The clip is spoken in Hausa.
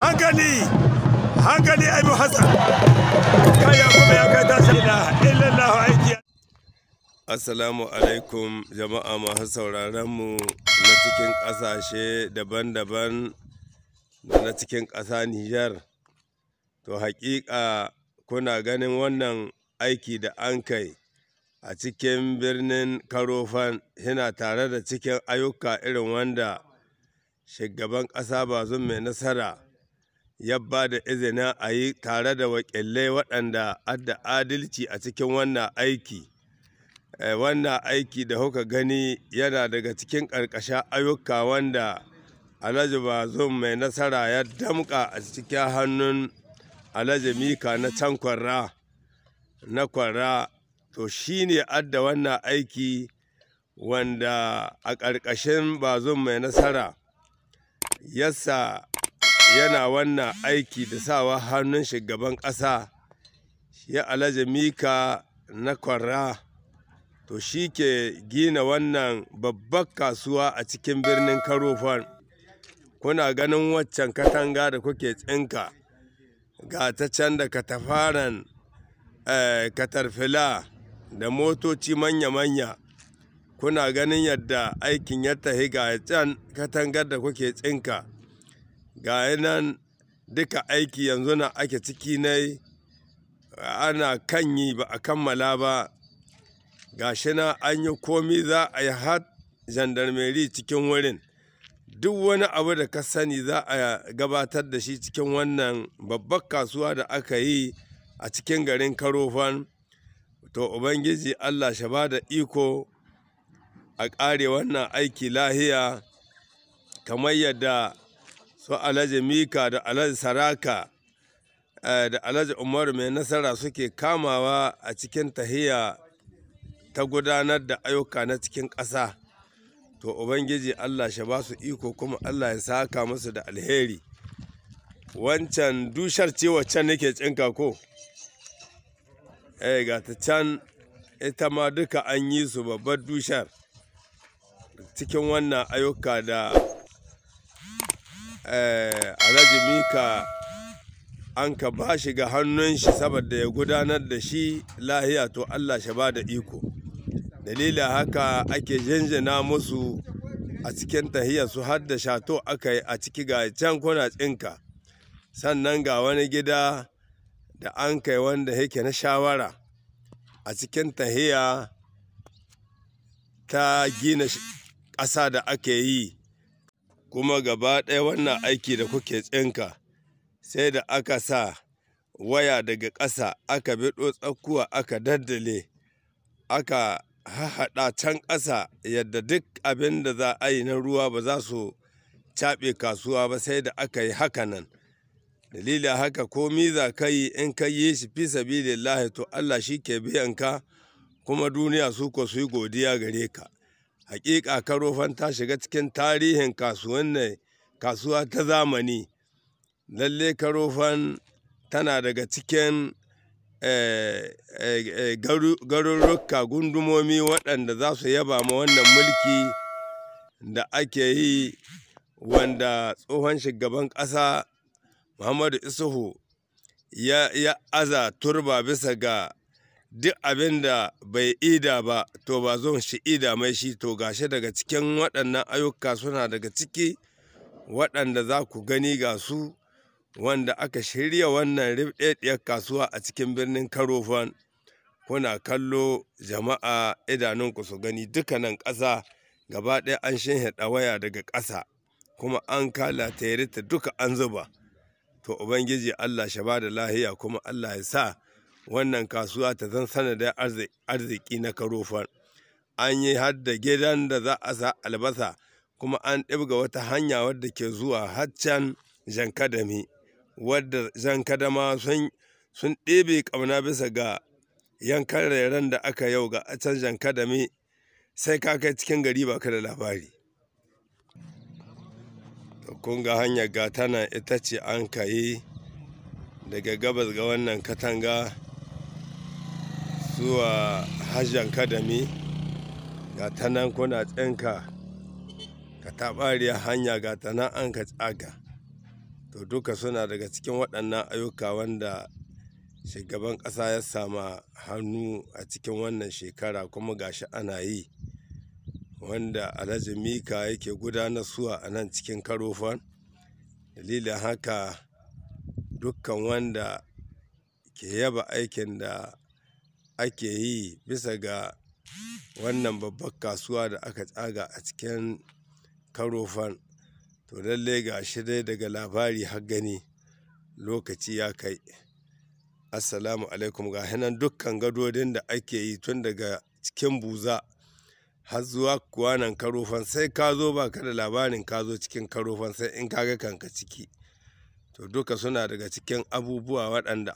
hankali hankali abu hassan kaya kuma ya kai tashi ila illallahu aiki assalamu alaikum jama'a masu sauraron mu na cikin ƙasashe daban-daban na cikin ƙasa Nijar to haƙiƙa kuna ganin wannan aiki da an kai a cikin birnin karofan yana tare da cikin ayyuka irin wanda shugaban ƙasa bazum mai nasara ya ba da izinin a yi tare da wakilai waɗanda adda adalci a cikin wannan aiki eh, wannan aiki da kuka gani yana daga cikin ƙarƙashin ayyuka wanda alhaji bazum mai nasara ya damƙa a cikin hannun alhaji mika na can kwarra na kwarra to shi ne adda wannan aiki wanda a ƙarƙashin bazum mai nasara yasa yana wannan aiki da sawa hannun shugaban ƙasa ya alhaji mika na kwara to shi ke gina wannan babbar kasuwa a cikin birnin karofan kuna ganin waccan katanga da kuke tsinka ga ta can da katafaren eh, katarfila da motoci manya-manya kuna ganin yadda aikin ya tahi ga can katangar da kuke tsinka ga nan duka aiki yanzu na ake ciki na ana kan yi ba a kammala ba ga shi na an yi komi za a yi har jandarmeri cikin wurin duk wani abu da ka sani za a gabatar da shi cikin wannan babbar kasuwa da aka yi a cikin garin karofan to ubangiji allah shi ba da iko a ƙare wannan aiki lahiya kamar yadda su alhaji mika da alhaji saraka eh, da alhaji umaru mai nasara suke kamawa a cikin tahiya ta gudanar da ayyuka na cikin ƙasa to ubangiji allah shi ba su iko kuma allah ya saka musu da alheri wancan dushar ce wacan nake cinka ko eh ga ta can ita ma duka an yi su babbar dushar cikin wannan ayyuka da Eh, alhaji mika an ka ba shi ga hannun shi saboda ya gudanar da shi lahiya to allah shi ba da iko dalila haka ake jinjina musu a cikin tahiyar su har da shato aka yi a ciki ga can kuna tsinka sannan ga wani gida da an kai wanda yake na shawara a cikin tahiya ta gina ƙasa da ake yi kuma gaba ɗaya wannan aiki da kuke tsinka sai da aka sa waya daga ƙasa aka biɗo tsakuwa aka daddale aka hahaɗa can ƙasa yadda duk abin da za a yi na ruwa ba za su caɓe kasuwa ba sai da aka yi haka nan dalilin haka ko miza ka yi in ka yi shi fi da to Allah shi ke biyan ka kuma duniya su ko su yi godiya gare ka Hakika karofan ta shiga cikin tarihin kasuwannin kasuwa ta zamani. Lalle karofan tana daga cikin eh, eh, garurruka gundumomi waɗanda za su yaba ma wannan mulki da ake yi wanda tsohon shugaban ƙasa Muhammadu Isuhu ya aza turba bisa ga duk abin da bai ida ba to ba zon shi ida mai shi to gashi daga cikin waɗannan ayyuka suna daga ciki waɗanda za ku gani ga su wanda aka shirya wannan ribɗaɗɗiyar kasuwa a cikin birnin karofan kuna kallo jama'a idanunku su gani dukkanin ƙasa gaba ɗaya an shinhiɗa waya daga ƙasa kuma an kala ta duka an zuba to ubangiji allah shaba da lahiya kuma allah ya sa wannan kasuwa ta zan da arziki na karofan an yi hadda gidan da za a sa albasa kuma an ɗibga wata hanya wadda ke zuwa haccan jankadami wadda jankadama sun ɗebe ƙauna bisa ga yankan rairan da aka yau ga a can jankadami sai ka kai cikin gari ba ka da labari kun ga hanyar gatana ita ce an kayi daga gabas ga wannan katanga zuwa hajjan kadami ga ta nan kuna tsinka ka taɓariya hanya ga ta nan an ka tsaga to duka suna daga cikin waɗannan ayyuka wanda shugaban ƙasa ya sama hannu a cikin wannan shekara kuma gashi ana yi wanda alhaji mika yake gudanar suwa a nan cikin karofan dalilin haka dukkan wanda ke yaba aikin da ake yi bisa ga wannan babbar kasuwa da aka tsaga a cikin karofan to lalle ga shi dai daga labari har gani lokaci ya kai assalamu alaikum ga hinan dukkan gadodin da ake yi tun daga cikin buza har zuwa kuwa nan karofan sai ka zo ba ka da labarin ka zo cikin karofan sai in kaga kanka ciki to duka suna daga cikin abubuwa waɗanda